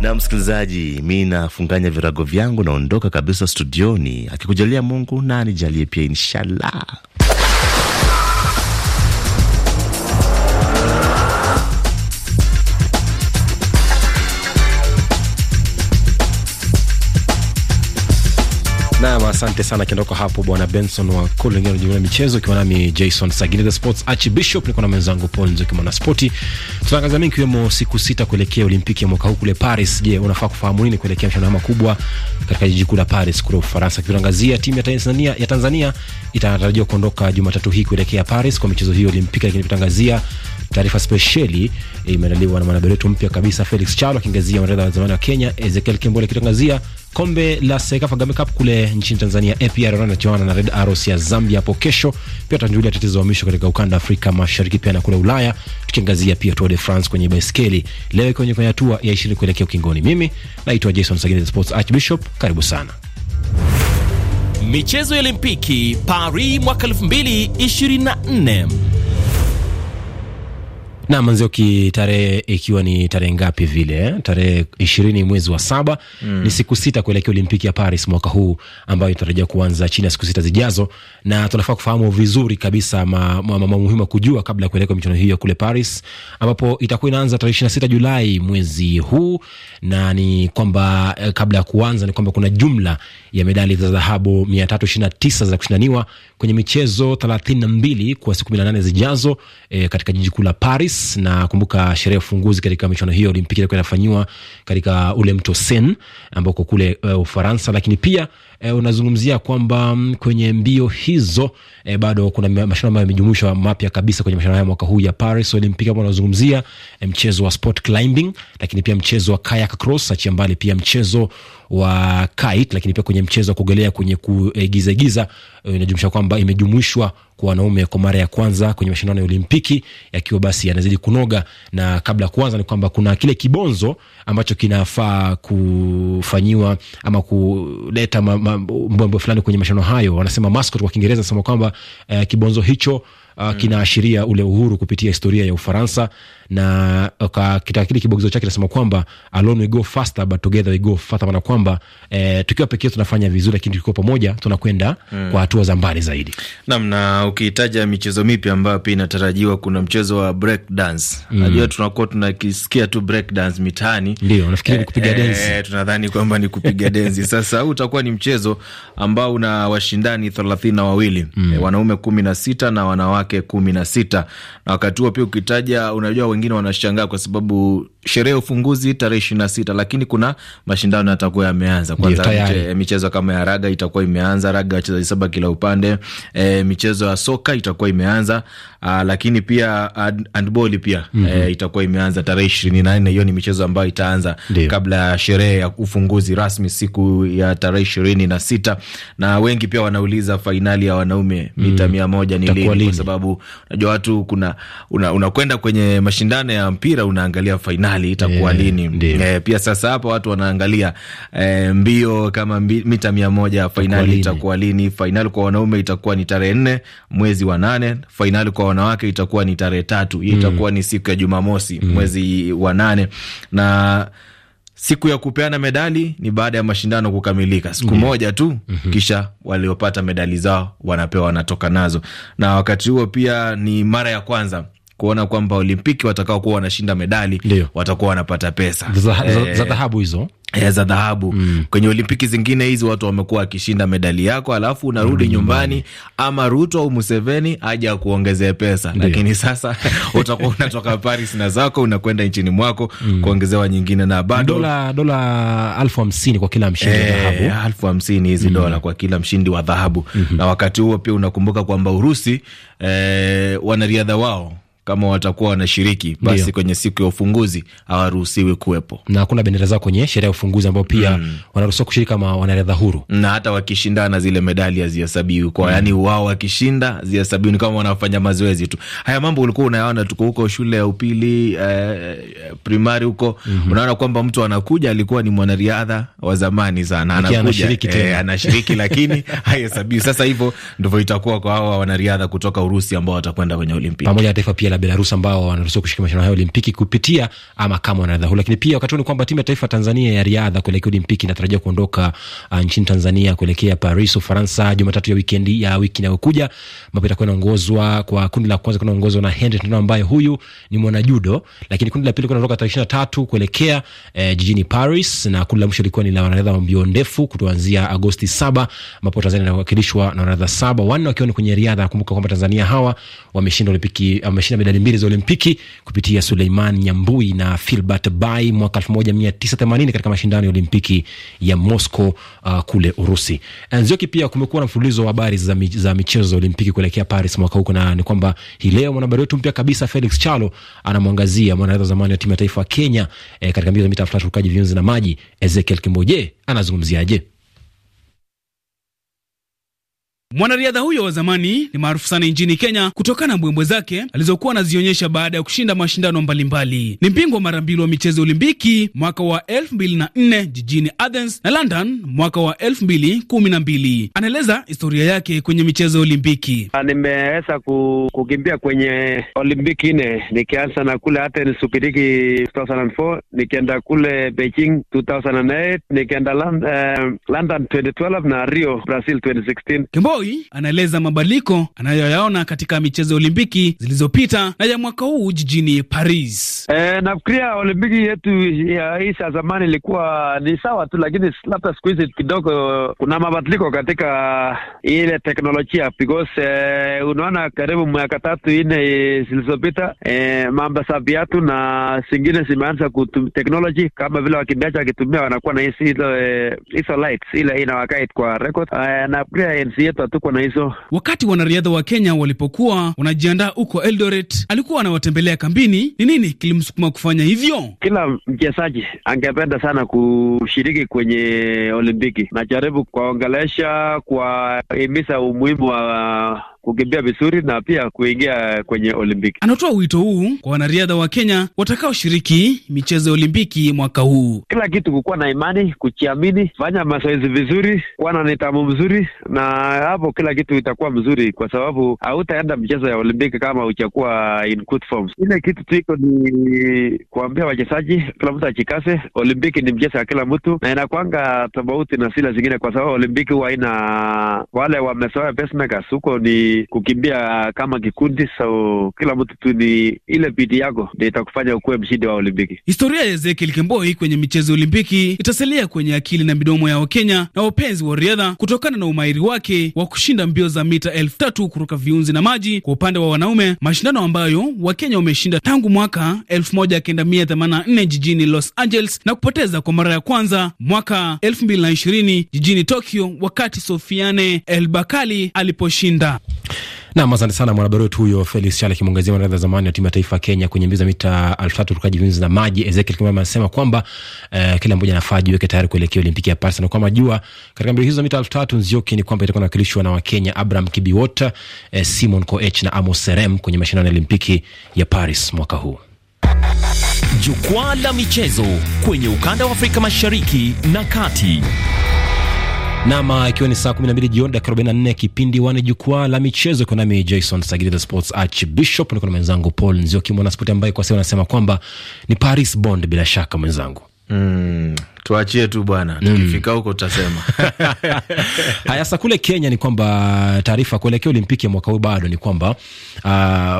Na msikilizaji, mi nafunganya virago vyangu, naondoka kabisa studioni. Akikujalia Mungu na anijalie pia, inshallah. asante sana kiondoko hapo bwana Benson wa kul wengine wanajivunia michezo, ukiwa nami Jason Sagini the Sports Archbishop, niko na mwenzangu Paul Nzuki mwana spoti. Tunaangazia mengi ikiwemo siku sita kuelekea Olimpiki ya mwaka huu kule Paris. Je, unafaa kufahamu nini kuelekea mashindano makubwa katika jiji kuu la Paris kule Ufaransa? Tunaangazia timu ya Tanzania ya Tanzania itatarajiwa kuondoka Jumatatu hii kuelekea Paris kwa michezo hiyo Olimpiki, lakini tutaangazia Taarifa spesheli imeandaliwa na mwanahabari wetu mpya kabisa Felix Chalo akiangazia mwanariadha wa zamani wa Kenya Ezekiel Kimbole akitangazia kombe la Sekafa Game Cup kule nchini Tanzania. APR wanachuana na Red Arrows ya Zambia hapo kesho. Pia tutajulia tatizo wa mwisho katika ukanda Afrika Mashariki pia na kule Ulaya, tukiangazia pia Tour de France kwenye baiskeli leo kwenye kwenye hatua ya ishirini kuelekea ukingoni. Mimi naitwa Jason Sagini, Sports Archbishop. Karibu sana. Michezo ya Olimpiki Paris mwaka 2024 na manzio ki tarehe ikiwa ni tarehe ngapi vile eh? Tarehe ishirini mwezi wa saba mm. Ni siku sita kuelekea Olimpiki ya Paris mwaka huu ambayo inatarajiwa kuanza chini ya siku sita zijazo, na tunafaa kufahamu vizuri kabisa mambo ma, ma, muhimu kujua kabla ya kuelekea michuano hiyo kule Paris, ambapo itakuwa inaanza tarehe ishirini na sita Julai mwezi huu, na ni kwamba eh, kabla ya kuanza ni kwamba kuna jumla ya medali za dhahabu mia tatu ishirini na tisa za kushindaniwa kwenye michezo thelathini na mbili kwa siku kumi na nane zijazo eh, katika jiji kuu la Paris Paris, na kumbuka sherehe ya ufunguzi katika michuano hiyo Olimpiki ilikuwa inafanyiwa katika ule mto Sen ambako kule uh, Ufaransa, lakini pia uh, unazungumzia kwamba mm, kwenye mbio hizo uh, bado kuna mashindano ambayo yamejumuishwa mapya kabisa kwenye mashindano haya mwaka huu ya Paris Olimpiki ambao unazungumzia mchezo wa sport climbing, lakini pia mchezo wa kayak cross, achia mbali pia mchezo wa kite, lakini pia kwenye mchezo wa kuogelea kwenye kugizagiza e, eh, inajumuisha kwamba imejumuishwa kwa wanaume kwa mara ya kwanza kwenye mashindano ya Olimpiki yakiwa basi yanazidi kunoga. Na kabla ya kuanza, ni kwamba kuna kile kibonzo ambacho kinafaa kufanyiwa ama kuleta mbwembwe fulani kwenye mashindano hayo, wanasema mascot kwa Kiingereza, nasema kwamba e, kibonzo hicho Uh, kinaashiria ule uhuru kupitia historia ya Ufaransa na kitaka kile kibogezo chake nasema kwamba alone we go faster but together we go faster, maana kwamba eh, tukiwa pekee tunafanya vizuri, lakini tukiwa pamoja tunakwenda mm, kwa hatua za mbali zaidi. Naam, na ukihitaja michezo mipya ambayo pia inatarajiwa, kuna mchezo wa break dance. Hmm. Najua tunakuwa tunakisikia tu break dance mitaani, ndio nafikiri eh, ni kupiga eh, eh, densi eh, tunadhani kwamba ni kupiga densi. Sasa huu utakuwa ni mchezo ambao una washindani thelathini na wawili mm, eh, wanaume kumi na sita na wanawake kumi na sita na wakati huo pia ukitaja, unajua wengine wanashangaa kwa sababu sherehe ya ufunguzi tarehe ishirini na sita lakini kuna mashindano yatakuwa yameanza kwanza. Michezo kama ya raga itakuwa imeanza, raga wachezaji saba kila upande. E, michezo ya soka itakuwa imeanza a, lakini pia handball pia mm -hmm. e, mhm. itakuwa imeanza tarehe ishirini na nne. Hiyo ni michezo ambayo itaanza Dio. kabla ya sherehe ya ufunguzi rasmi siku ya tarehe ishirini na sita na wengi pia wanauliza fainali ya wanaume mita mm. mia moja ni lini? Kwa sababu unajua watu kuna unakwenda una kwenye mashindano ya mpira unaangalia fainali kali itakuwa eh, lini e, pia sasa hapa watu wanaangalia e, mbio kama mbi, mita mia moja fainali itakuwa lini? Fainali kwa wanaume itakuwa ni tarehe nne mwezi wa nane. Fainali kwa wanawake itakuwa ni tarehe tatu. Hii mm. itakuwa mm. ni siku ya Jumamosi mm. mwezi wa nane na siku ya kupeana medali ni baada ya mashindano kukamilika, siku yeah. moja tu mm -hmm. Kisha waliopata medali zao wanapewa, wanatoka nazo, na wakati huo pia ni mara ya kwanza kuona kwamba Olimpiki watakaokuwa wanashinda medali Leo, watakuwa wanapata pesa za eh, dhahabu hizo eh, za dhahabu mm. Kwenye Olimpiki zingine hizi watu wamekuwa wakishinda medali yako, alafu unarudi mm, nyumbani ama Ruto au Museveni aje kuongezea pesa Ndiyo. Lakini sasa utakuwa unatoka Paris na zako unakwenda nchini mwako mm, kuongezewa nyingine na bado dola dola elfu hamsini kwa kila mshindi e, wa eh, dhahabu elfu hamsini hizi mm, dola kwa kila mshindi wa dhahabu mm -hmm. Na wakati huo pia unakumbuka kwamba Urusi e, wanariadha wao kama watakuwa wanashiriki basi Dio. kwenye siku ya ufunguzi hawaruhusiwi kuwepo na hakuna bendera zao kwenye sherehe ya ufunguzi ambao pia mm. wanaruhusiwa kushiriki kama wanariadha huru, na hata wakishindana zile medali hazihesabiwi kwa mm. yani wao wakishinda zihesabiwi, ni kama wanafanya mazoezi tu. Haya mambo ulikuwa unayaona, tuko huko shule ya upili eh, eh primari huko mm -hmm. unaona kwamba mtu anakuja alikuwa ni mwanariadha wa zamani sana, anakuja anashiriki, eh, anashiriki lakini haihesabiwi. Sasa hivyo ndivyo itakuwa kwa hawa wanariadha kutoka Urusi ambao watakwenda kwenye Olimpiki pamoja na taifa pia la Belarus ambao wanaruhusiwa kushiriki mashindano hayo Olimpiki kupitia ama kama wanariadha huu. Lakini pia wakati huu ni kwamba timu ya taifa Tanzania ya riadha kuelekea Olimpiki inatarajia kuondoka uh, nchini Tanzania kuelekea Paris, Ufaransa Jumatatu ya wikendi ya wiki inayokuja, ambapo itakuwa inaongozwa kwa kundi la kwanza kunaongozwa na Henry Tano ambaye huyu ni mwanajudo, lakini kundi la pili kunatoka tarehe ishirini na tatu kuelekea eh, jijini Paris, na kundi la mwisho likuwa ni la wanariadha wa mbio ndefu kutoanzia Agosti saba ambapo Tanzania inawakilishwa na wanariadha saba wanne wakiwa ni kwenye riadha. Nakumbuka kwamba Tanzania hawa wameshinda Olimpiki wameshinda medali mbili za Olimpiki kupitia Suleiman Nyambui na Filbert Bayi mwaka 1980 katika mashindano ya Olimpiki ya Moscow uh, kule Urusi. Nzioki, pia kumekuwa na mfululizo wa habari za, mi, za michezo za Olimpiki kuelekea Paris mwaka huko, na ni kwamba hii leo mwanahabari wetu mpya kabisa Felix Chalo anamwangazia mwanariadha zamani wa timu ya taifa ya Kenya eh, katika mbio za mita elfu tatu rukaji viunzi na maji Ezekiel Kimboje anazungumziaje? Mwanariadha huyo wa zamani ni maarufu sana nchini Kenya kutokana na mbwembwe zake alizokuwa anazionyesha baada ya kushinda mashindano mbalimbali. Ni mbingwa mara mbili wa michezo ya Olimpiki mwaka wa 2004 jijini Athens na London mwaka wa 2012. Anaeleza historia yake kwenye michezo ya Olimpiki. Ah, nimeweza kukimbia kwenye Olimpiki nne nikianza na kule Athens Ugiriki 2004, nikienda kule Beijing 2008, nikienda eh, London uh, London 2012 na Rio Brazil 2016. Kimbo Cherotoi anaeleza mabadiliko anayoyaona katika michezo ya Olimpiki zilizopita na ya mwaka huu jijini Paris. E, nafikiria Olimpiki yetu ya hii ya zamani ilikuwa ni sawa tu, lakini labda siku hizi kidogo kuna mabadiliko katika ile teknolojia because e, unaona karibu miaka tatu nne zilizopita e, mambo za viatu na zingine zimeanza kutumia teknoloji kama vile wakimbiaji wakitumia wanakuwa na hizo hizo lights ile ina kwa record. E, na pia nchi yetu tuko na hizo. Wakati wanariadha wa Kenya walipokuwa wanajiandaa huko Eldoret, alikuwa anawatembelea kambini. Ni nini kilimsukuma kufanya hivyo? Kila mchezaji angependa sana kushiriki kwenye Olimpiki, najaribu kuwaongelesha, kuwahimiza umuhimu wa kukimbia vizuri na pia kuingia kwenye Olimpiki. Anatoa wito huu kwa wanariadha wa Kenya watakaoshiriki michezo ya Olimpiki mwaka huu, kila kitu kukuwa na imani, kuchiamini fanya mazoezi vizuri, kuwa na nidhamu mzuri, na hapo kila kitu itakuwa mzuri, kwa sababu hautaenda mchezo ya Olimpiki kama uchakuwa in good form. Ile kitu tuiko ni kuambia wachezaji, kila mtu achikase. Olimpiki ni mchezo ya kila mtu na inakwanga tofauti na sila zingine, kwa sababu Olimpiki huwa ina wale wamesoa pacemakers huko ni kukimbia kama kikundi, so kila mtu tu ni ile bidi yako ndio itakufanya ukuwe mshindi wa Olimpiki. Historia ya Ezekiel Kemboi kwenye michezo ya Olimpiki itasalia kwenye akili na midomo ya Wakenya na wapenzi wa riadha kutokana na umahiri wake wa kushinda mbio za mita elfu tatu kuruka viunzi na maji kwa upande wa wanaume, mashindano ambayo Wakenya wameshinda tangu mwaka 1984 jijini Los Angeles na kupoteza kwa mara ya kwanza mwaka 2020 jijini Tokyo wakati Sofiane Elbakali aliposhinda. Nam, asante sana mwanahabari wetu huyo Felix Chale akimwangazia mwanariadha zamani wa timu ya taifa ya Kenya kwenye mbio za mita elfu tatu urukaji viunzi na maji. Ezekiel Kimbama anasema kwamba uh, kila mmoja anafaa jiweke tayari kuelekea Olimpiki ya Paris na kwamba jua katika mbio hizo za mita elfu tatu Nzioki ni kwamba itakuwa nawakilishwa na Wakenya Abraham Kibiwota, eh, Simon Koech na Amos Serem kwenye mashindano ya Olimpiki ya Paris mwaka huu. Jukwaa la michezo kwenye ukanda wa Afrika mashariki na kati nam ikiwa ni saa 12 jioni dakika 44, kipindi wani jukwaa la michezo kwa nami Jason the Sports Archbishop, niko na mwenzangu Paul Nzioki mwanaspoti ambaye kwa sasa anasema kwamba ni Paris Bond bila shaka mwenzangu. Mm, tuachie tu bwana, mm. tukifika huko tutasema. Haya, sasa kule Kenya ni kwamba taarifa kuelekea Olimpiki ya mwaka huu bado ni kwamba uh,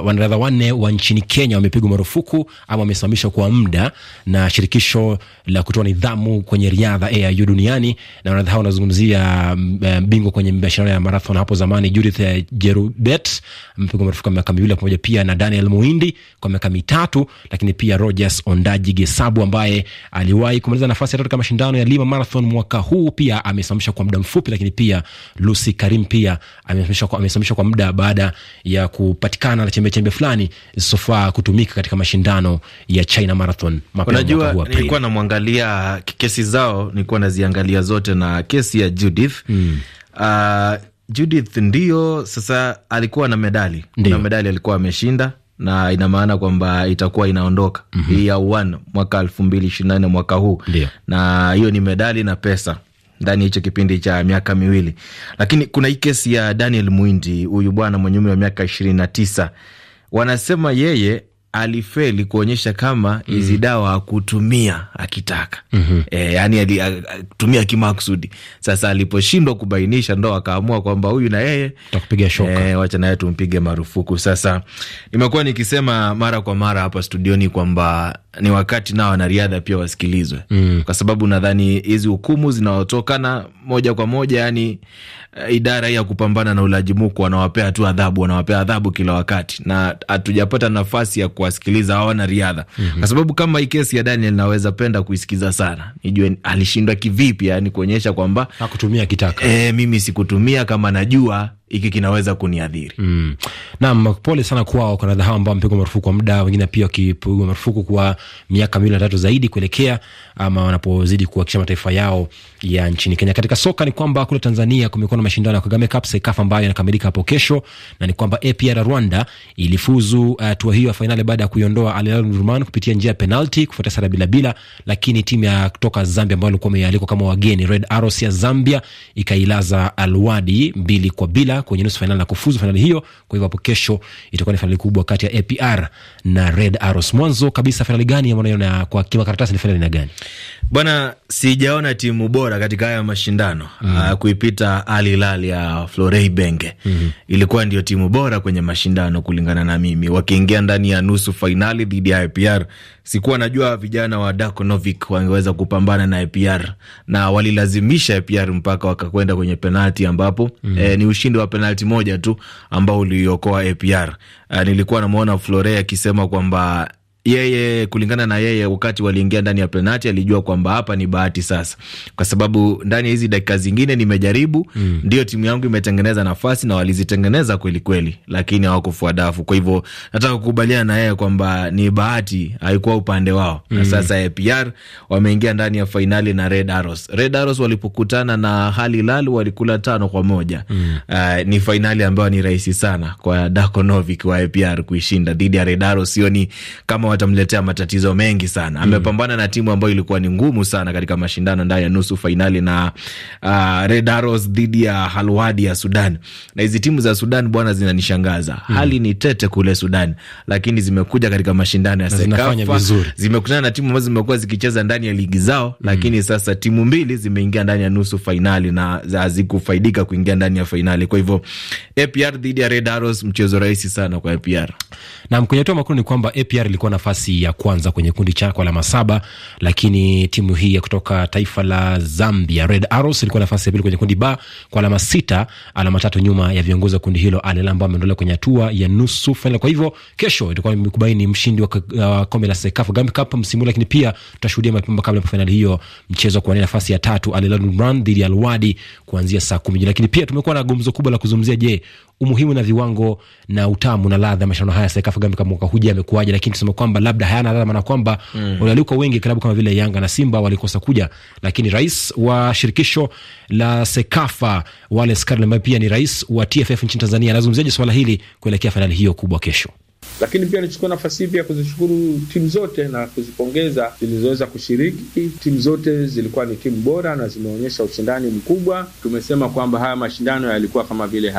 wanariadha wanne wa nchini Kenya wamepigwa marufuku ama wamesimamishwa kwa muda na shirikisho la kutoa nidhamu kwenye riadha AIU duniani, na wanariadha hao wanazungumzia mm, eh, bingwa kwenye mashindano ya marathon hapo zamani Judith eh, Jerubet amepigwa marufuku kwa miaka miwili pamoja pia na Daniel Muindi kwa miaka mitatu, lakini pia Rogers Ondaji Gesabu ambaye aliwahi kumaliza nafasi ya katika mashindano ya Lima Marathon mwaka huu pia amesimamisha kwa muda mfupi, lakini pia Lucy Karim pia amesimamishwa kwa muda baada ya kupatikana na chembe chembe fulani zisizofaa kutumika katika mashindano ya China Marathon. Unajua, nilikuwa namwangalia kesi zao, nilikuwa naziangalia zote na kesi ya Judith hmm. uh, Judith ndio sasa alikuwa na medali, na medali alikuwa ameshinda na ina maana kwamba itakuwa inaondoka mm -hmm. hii ya one mwaka elfu mbili ishirini na nne mwaka huu Dio. na hiyo ni medali na pesa ndani ya hicho kipindi cha miaka miwili, lakini kuna hii kesi ya Daniel Mwindi, huyu bwana mwenye umri wa miaka ishirini na tisa wanasema yeye alifeli kuonyesha kama mm-hmm. hizi mm. dawa akutumia akitaka mm -hmm. E, yani alitumia kimakusudi. Sasa aliposhindwa kubainisha, ndo akaamua kwamba huyu na yeye shoka e, wacha naye tumpige marufuku. Sasa nimekuwa nikisema mara kwa mara hapa studioni kwamba ni wakati nao wanariadha pia wasikilizwe mm. kwa sababu nadhani hizi hukumu zinaotokana moja kwa moja yani Eh, idara ya kupambana na ulaji muku wanawapea tu adhabu, wanawapea adhabu kila wakati, na hatujapata nafasi ya kuwasikiliza hawa wanariadha mm -hmm. kwa sababu kama hii kesi ya Daniel naweza penda kuisikiza sana, nijue alishindwa kivipi, yani kuonyesha kwamba kitaka. E, mimi sikutumia kama najua hiki kinaweza kuniadhiri. Mm. Naam, pole sana kwao kwa nadhahau ambao wamepigwa marufuku kwa muda, wengine pia wakipigwa marufuku kwa miaka miwili na tatu zaidi kuelekea ama wanapozidi kuhakikisha mataifa yao ya nchini Kenya. Katika soka ni kwamba kule Tanzania kumekuwa na mashindano ya Kagame Cup Sekafa ambayo yanakamilika hapo kesho, na ni kwamba APR Rwanda ilifuzu hatua uh, hiyo ya fainali baada ya kuiondoa Al Hilal Omdurman kupitia njia ya penalti kufuatia sare bila bila, lakini timu ya kutoka Zambia ambayo ilikuwa imealikwa kama wageni Red Arrows ya Zambia ikailaza Al Wahda mbili kwa bila kwenye nusu fainali na kufuzu fainali hiyo. Kwa hivyo hapo kesho itakuwa ni fainali kubwa kati ya APR na Red Arrows. Mwanzo kabisa fainali gani ambayo kwa kimakaratasi ni fainali na gani? Bwana, sijaona timu bora katika haya mashindano mm -hmm. uh, kuipita Al Hilal ya Florey Benge mm -hmm. ilikuwa ndio timu bora kwenye mashindano kulingana na mimi, wakiingia ndani ya nusu fainali dhidi ya APR. Sikuwa najua vijana wa Dakonovic wangeweza kupambana na APR na walilazimisha APR mpaka wakakwenda kwenye penalti ambapo mm -hmm. eh, ni ushindi wa penalti moja tu ambao uliokoa APR. Uh, ah, nilikuwa namwona Florey akisema kwamba yeye kulingana na yeye, wakati waliingia ndani ya penati alijua kwamba hapa ni bahati sasa, kwa sababu ndani ya hizi dakika zingine nimejaribu, mm. ndio timu yangu imetengeneza nafasi na walizitengeneza kweli kweli, lakini hawakufua dafu. Kwa hivyo nataka kukubaliana na yeye kwamba ni bahati haikuwa upande wao, mm. na sasa APR wameingia ndani ya fainali na Red Arrows. Red Arrows walipokutana na Al Hilal walikula tano kwa moja. Mm. Uh, ni fainali ambayo ni rahisi sana kwa Dakonovic wa APR kuishinda dhidi ya Red Arrows, sioni kama watamletea matatizo mengi sana. Mm. Amepambana mm. na timu ambayo ilikuwa ni ngumu sana katika mashindano ndani ya nusu fainali na uh, Red Arrows dhidi ya Halwadi ya Sudan. Na hizi timu za Sudan bwana, zinanishangaza mm. hali ni tete kule Sudan, lakini zimekuja katika mashindano ya Sekafa, zimekutana na timu ambazo zimekuwa zikicheza ndani ya ligi zao, mm. lakini sasa timu mbili zimeingia ndani ya nusu fainali na hazikufaidika kuingia ndani ya fainali. Kwa hivyo APR dhidi ya Red Arrows, mchezo rahisi sana kwa APR. Naam, kwenye hatua makuu ni kwamba APR ilikuwa na nafasi ya kwanza kwenye kundi cha kwa alama saba, lakini timu hii ya kutoka taifa la Zambia Red Arrows ilikuwa nafasi ya pili kwenye kundi ba kwa alama sita, alama tatu nyuma ya viongozi wa kundi hilo Al Hilal ambao ameondolewa kwenye hatua ya nusu fainali. Kwa hivyo kesho itakuwa imekubaini mshindi wa uh, kombe la CECAFA Gambi Cup msimu, lakini pia tutashuhudia mapema kabla ya fainali hiyo mchezo wa kuwania nafasi ya tatu Al Hilal dhidi ya Al Wahdi kuanzia saa kumi Lakini pia tumekuwa na gumzo kubwa la kuzungumzia, je, umuhimu na viwango na utamu na ladha mashindano haya Sekafa Gambi kama mwaka huja amekuaje, lakini tuseme kwamba labda hayana ladha, maana kwamba mm, walialikwa wengi, klabu kama vile Yanga na Simba walikosa kuja, lakini rais wa shirikisho la Sekafa wale Karia ambaye pia ni rais wa TFF nchini Tanzania anazungumziaje swala hili kuelekea fainali hiyo kubwa kesho? Lakini pia nichukua nafasi hii pia kuzishukuru timu zote na kuzipongeza zilizoweza kushiriki. Timu zote zilikuwa ni timu bora na zimeonyesha ushindani mkubwa. Tumesema kwamba haya mashindano yalikuwa kama vile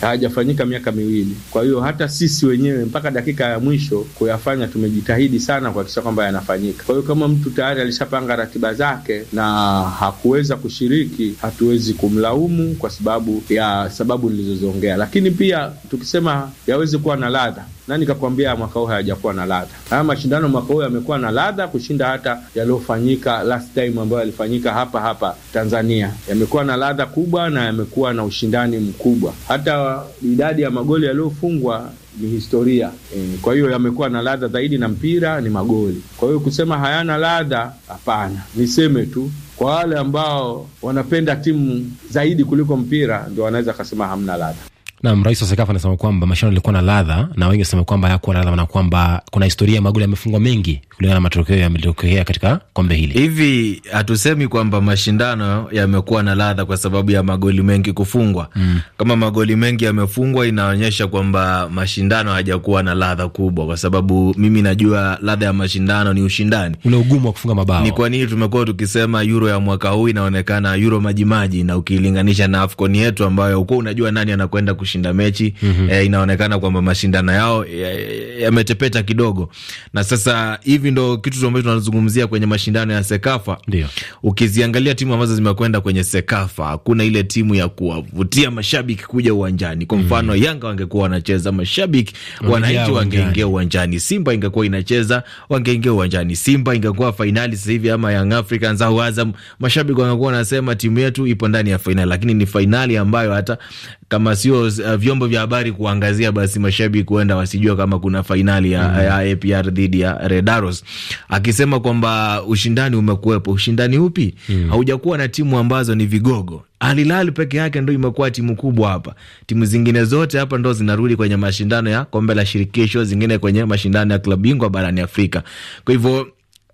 hayajafanyika miaka miwili, kwa hiyo hata sisi wenyewe mpaka dakika ya mwisho kuyafanya, tumejitahidi sana kuhakikisha kwamba yanafanyika. Kwa hiyo kama mtu tayari alishapanga ratiba zake na hakuweza kushiriki, hatuwezi kumlaumu kwa sababu ya sababu nilizoziongea, lakini pia tukisema yaweze kuwa na ladha na nikakwambia mwaka huu hayajakuwa na ladha. Haya mashindano mwaka huu yamekuwa na ladha kushinda hata yaliyofanyika last time ambayo yalifanyika hapa hapa Tanzania. Yamekuwa na ladha kubwa na yamekuwa na ushindani mkubwa, hata idadi ya magoli yaliyofungwa ni historia e. Kwa hiyo yamekuwa na ladha zaidi, na mpira ni magoli. Kwa hiyo kusema hayana ladha, hapana. Niseme tu kwa wale ambao wanapenda timu zaidi kuliko mpira, ndio wanaweza akasema hamna ladha. Naam, rais wa Sekafa anasema kwamba mashindano yalikuwa na ladha na wengi wasema kwamba hayakuwa na ladha na kwamba kuna historia ya magoli yamefungwa mengi kulingana na matokeo yametokea katika kombe hili. Hivi hatusemi kwamba mashindano yamekuwa na ladha kwa sababu ya magoli mengi kufungwa. Mm. Kama magoli mengi yamefungwa inaonyesha kwamba mashindano hayajakuwa na ladha kubwa kwa sababu mimi najua ladha ya mashindano ni ushindani. Ule ugumu wa kufunga mabao. Ni kwa nini tumekuwa tukisema Euro ya mwaka huu inaonekana Euro majimaji na ukilinganisha na AFCON yetu ambayo uko unajua nani anakwenda kushinda mechi mm -hmm. E, inaonekana kwamba mashindano yao yametepeta ya kidogo, na sasa hivi ndo kitu ambacho tunazungumzia kwenye mashindano ya Sekafa. Ndio ukiziangalia timu ambazo zimekwenda kwenye Sekafa, hakuna ile timu ya kuwavutia mashabiki kuja uwanjani. Kwa mm. mfano mm -hmm. Yanga wangekuwa wanacheza, mashabiki wananchi wangeingia uwanjani. Simba ingekuwa inacheza, wangeingia uwanjani. Simba ingekuwa fainali sasa hivi ama Young Africans au Azam, mashabiki wangekuwa wanasema timu yetu ipo ndani ya fainali, lakini ni fainali ambayo hata kama sio uh, vyombo vya habari kuangazia, basi mashabiki huenda wasijua kama kuna fainali ya, mm. -hmm. ya APR dhidi ya Redaros, akisema kwamba ushindani umekuwepo. Ushindani upi? mm. -hmm. haujakuwa na timu ambazo ni vigogo Al Hilal peke yake ndo imekuwa timu kubwa hapa. Timu zingine zote hapa ndo zinarudi kwenye mashindano ya kombe la shirikisho, zingine kwenye mashindano ya klabu bingwa barani Afrika. Kwa hivyo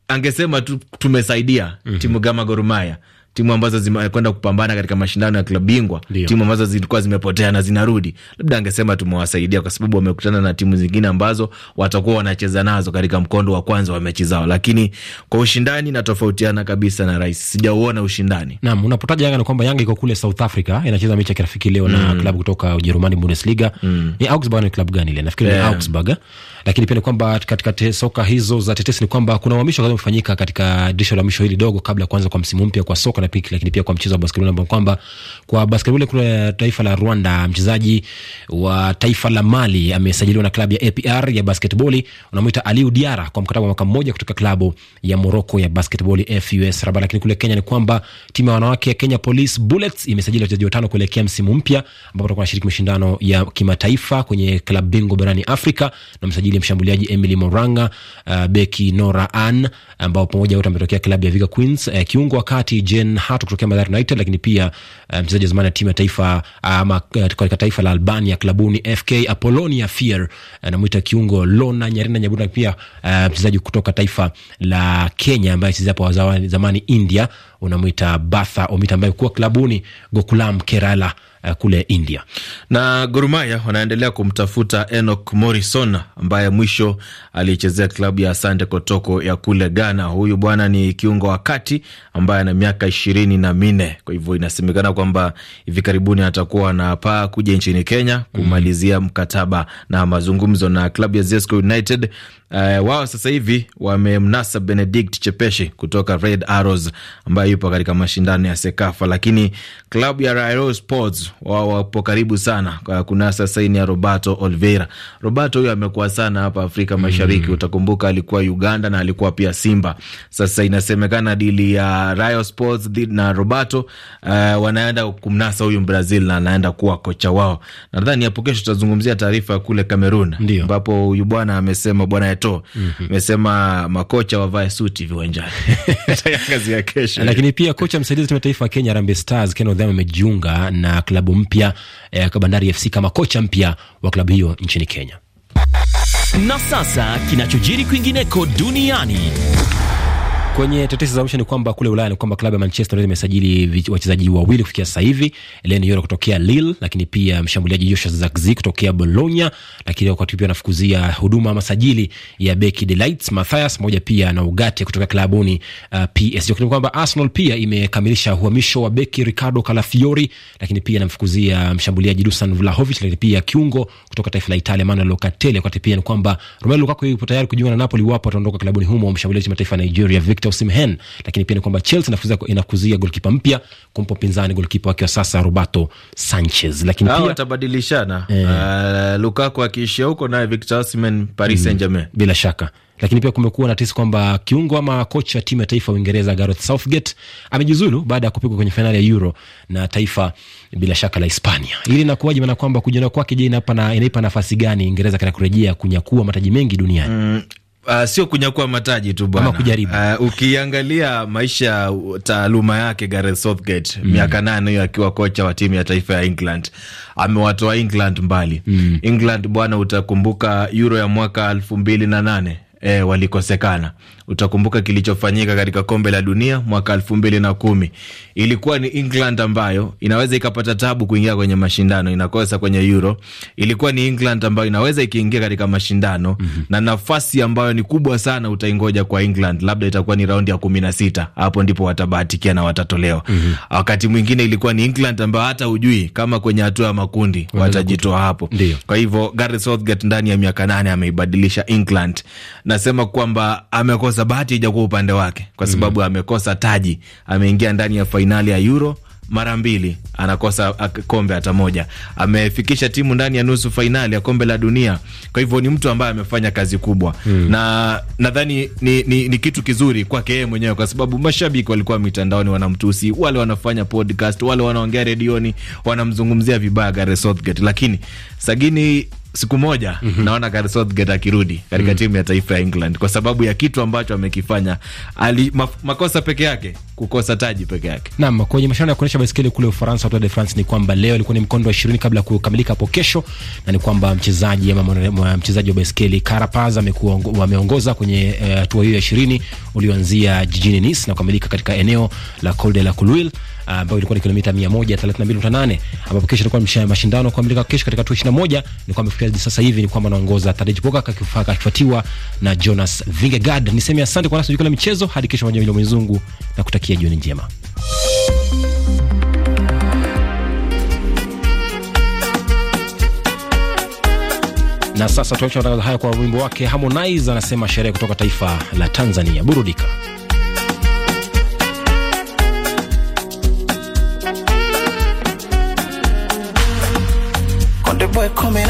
angesema tu tumesaidia mm -hmm. timu kama Gor Mahia timu ambazo zimekwenda kupambana katika mashindano ya klabu bingwa, timu ambazo zilikuwa zimepotea na zinarudi, labda angesema tumewasaidia, kwa sababu wamekutana na timu zingine ambazo watakuwa wanacheza nazo katika mkondo wa kwanza wa mechi zao, lakini kwa ushindani natofautiana kabisa na Rais, sijauona ushindani. Naam, unapotaja Yanga ni kwamba Yanga iko kule South Africa, inacheza mechi ya kirafiki leo mm. na klabu kutoka Ujerumani, Bundesliga mm. ni Augsburg. Ni klabu gani ile? Nafikiri yeah. ni Augsburg lakini pia ni kwamba katika soka hizo za tetesi ni kwamba kuna uhamisho kadhaa umefanyika katika dirisha la mwisho hili dogo kabla ya kuanza kwa msimu mpya kwa soka na piki, lakini pia kwa mchezo wa basketball ambao kwamba kwa basketball kuna taifa la Rwanda, mchezaji wa taifa la Mali amesajiliwa na klabu ya APR ya basketball, unamwita Aliou Diara kwa mkataba wa mwaka mmoja kutoka klabu ya Morocco ya basketball FUS Rabat. Lakini kule Kenya ni kwamba timu ya wanawake ya Kenya Police Bullets imesajili wachezaji watano kuelekea msimu mpya ambapo watakuwa wanashiriki mashindano ya kimataifa kwenye klabu bingwa barani Afrika na msajili Jumapili mshambuliaji Emily Moranga, uh, beki Nora Ann ambao pamoja wote ametokea klabu ya Viga Queens, uh, kiungo wakati Jen Hart kutokea Mathare United, lakini pia uh, mchezaji wa zamani ya timu ya taifa ama uh, katika taifa la Albania klabuni FK Apolonia Fier, uh, namuita kiungo Lona Nyarena Nyabuna, pia uh, mchezaji kutoka taifa la Kenya ambaye chezea hapo zamani India, unamwita Batha Omita ambaye kuwa klabuni Gokulam Kerala Eh, kule India. Na Gor Mahia wanaendelea kumtafuta Enoch Morrison ambaye mwisho alichezea klabu ya Asante Kotoko ya kule Ghana. Huyu bwana ni kiungo wa kati ambaye ana miaka ishirini na minne, kwa hivyo inasemekana kwamba hivi karibuni atakuwa paa kuja nchini Kenya kumalizia mm-hmm. mkataba na mazungumzo na klabu ya Zesco United. Uh, wao sasa hivi wamemnasa Benedict Chepeshi kutoka Red Arrows ambaye yupo katika mashindano ya Sekafa, lakini klabu ya Rayon Sports wapo karibu sana kunasa saini ya Roberto Oliveira. Roberto huyo amekuwa sana hapa Afrika Mashariki mm. Utakumbuka alikuwa Uganda na alikuwa pia Simba. Sasa inasemekana dili ya Rayo Sports na Roberto uh, wanaenda kumnasa huyu Brazil na anaenda kuwa kocha wao. Nadhani hapo kesho tutazungumzia taarifa kule Kamerun ambapo huyu bwana amesema, bwana Eto mhm. amesema mm -hmm. makocha wavae suti viwanjani kazi ya kesho. Lakini pia kocha msaidizi wa timu ya taifa Kenya Harambee Stars Ken Odhiambo amejiunga na klabu klabu mpya eh, kwa Bandari FC kama kocha mpya wa klabu hiyo nchini Kenya. Na sasa kinachojiri kwingineko duniani Kwenye tetesi za mwisho ni kwamba kule Ulaya ni kwamba klabu ya Manchester United imesajili wachezaji wawili kufikia sasa hivi, Eleni Yoro kutokea Lille, lakini pia mshambuliaji Joshua Zirkzee kutokea Bologna, lakini wakati pia wanafukuzia huduma ama sajili ya beki Delight Mathias moja pia na Ugarte kutokea klabuni uh, PSG. Lakini kwamba Arsenal pia imekamilisha uhamisho wa beki Ricardo Calafiori, lakini pia anamfukuzia mshambuliaji Dusan Vlahovic, lakini pia kiungo kutoka taifa la Italia Manuel Locatelli. Wakati pia ni kwamba Romelu Lukaku yupo tayari kujiunga na Napoli iwapo ataondoka klabuni humo, mshambuliaji mataifa ya Nigeria Victor nukta Osimhen, lakini pia ni kwamba Chelsea inakuzia golkipa mpya kumpa upinzani golkipa wake wa sasa Roberto Sanchez, lakini pia watabadilishana eh, uh, Lukaku akiishia huko naye Victor Osimhen Paris mm, Saint-Germain bila shaka lakini pia kumekuwa na tesi kwamba kiungo ama kocha timu ya taifa ya Uingereza Gareth Southgate amejiuzulu baada ya kupigwa kwenye fainali ya Euro na taifa bila shaka la Hispania. Hili linakuwaje? Maana kwamba kujiona kwake, je, inaipa nafasi gani Uingereza katika kurejea kunyakua mataji mengi duniani? Mm, Uh, sio kunyakua mataji tu bwana, kujaribu. Uh, ukiangalia maisha uh, taaluma yake Gareth Southgate mm. miaka nane hiyo akiwa kocha wa timu ya taifa ya England amewatoa England mbali mm. England bwana, utakumbuka Euro ya mwaka elfu mbili na nane E, walikosekana Utakumbuka kilichofanyika katika kombe la dunia mwaka elfu mbili na kumi. Ilikuwa ni England ambayo inaweza ikapata tabu kuingia kwenye mashindano, inakosa kwenye Euro. Ilikuwa ni England ambayo inaweza ikiingia katika mashindano mm -hmm. na nafasi ambayo ni kubwa sana utaingoja kwa England, labda itakuwa ni raundi ya kumi na sita. Hapo ndipo watabahatikia na watatolewa mm -hmm. Wakati mwingine ilikuwa ni England ambayo hata hujui kama kwenye hatua ya makundi watajitoa hapo. Ndiyo. Kwa hivyo Gareth Southgate ndani ya miaka nane ameibadilisha England, nasema kwamba amekosa sasa bahati haijakuwa upande wake kwa mhm. sababu mm. amekosa taji, ameingia ndani ya fainali ya Euro mara mbili anakosa kombe hata moja. Amefikisha timu ndani ya nusu fainali ya kombe la dunia. Kwa hivyo ni mtu ambaye amefanya kazi kubwa hmm. na nadhani ni, ni, ni kitu kizuri kwake yeye mwenyewe, kwa sababu mashabiki walikuwa mitandaoni wanamtusi, wale wanafanya podcast, wale wanaongea redioni wanamzungumzia vibaya Gareth Southgate, lakini Sagini siku moja mm -hmm. naona Gareth Southgate akirudi katika mm -hmm. timu ya taifa ya England kwa sababu ya kitu ambacho amekifanya. Ali, makosa peke yake kukosa taji peke yake. Naam, kwenye mashindano ya kuonesha baiskeli kule Ufaransa, Tour de France, ni kwamba leo ilikuwa ni mkondo wa 20 kabla ya kukamilika hapo kesho, na ni kwamba mchezaji ama mchezaji wa baiskeli Carapaz ameongoza kwenye hatua uh, eh, hiyo ya 20 ulioanzia jijini Nice na kukamilika katika eneo la Col de la Couille Ah, ambayo ilikuwa ni kilomita 132.8 ambapo kesho ilikuwa mashindano kwa mlika kesho katika hatua 21. Ni kwamba kufikia sasa hivi ni kwamba anaongoza Tadej Pogacar akifuatiwa na Jonas Vingegaard. Niseme asante kwa nasi jukwaa la michezo hadi kesho, majira ya mwezungu na kutakia jioni njema. Na sasa tuacha matangazo haya kwa wimbo wake Harmonize anasema sherehe kutoka taifa la Tanzania. Burudika. it coming.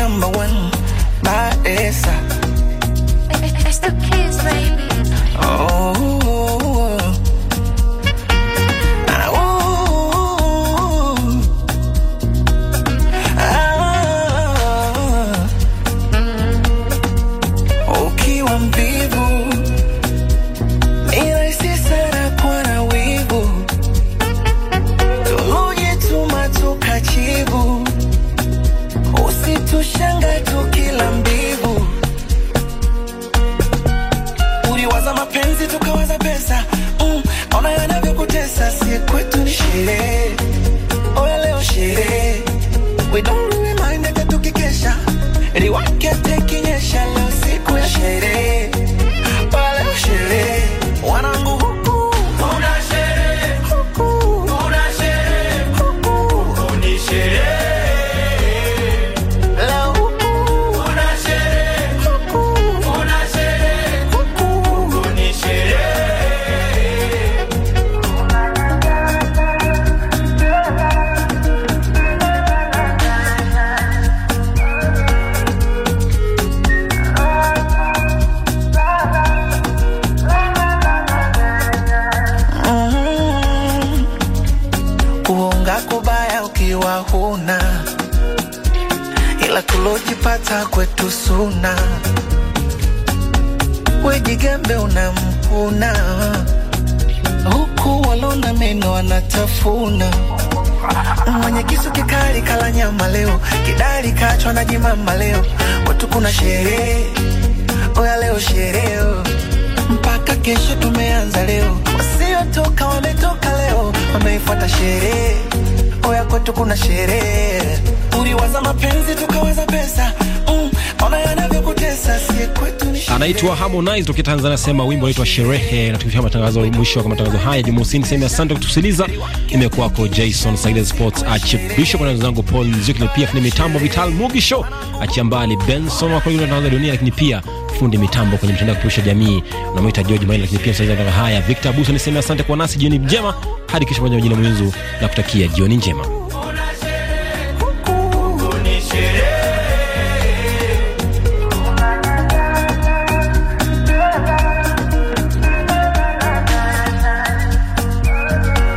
fuata sherehe, oya kwetu kuna sherehe, uliwaza mapenzi tukaweza pesa mm, ona yanavyo anaitwa Harmonize toka Tanzania, sema wimbo unaitwa Sherehe. Na tukifika matangazo mwisho wa matangazo haya Jumausini. Sema asante kutusikiliza, Imekuwa kwa Jason Saile Sports Archbishop na wenzangu Paul na pia fundi mitambo Vital Mugisho, achia mbali Benson wako yule anaanza dunia, lakini pia fundi mitambo kwenye mitandao ya kupisha jamii unamwita George Mail, lakini pia sasa haya Victor Buso. sema asante kwa nasi, jioni njema hadi kesho pamoja na jina mwenyezo na kutakia jioni njema.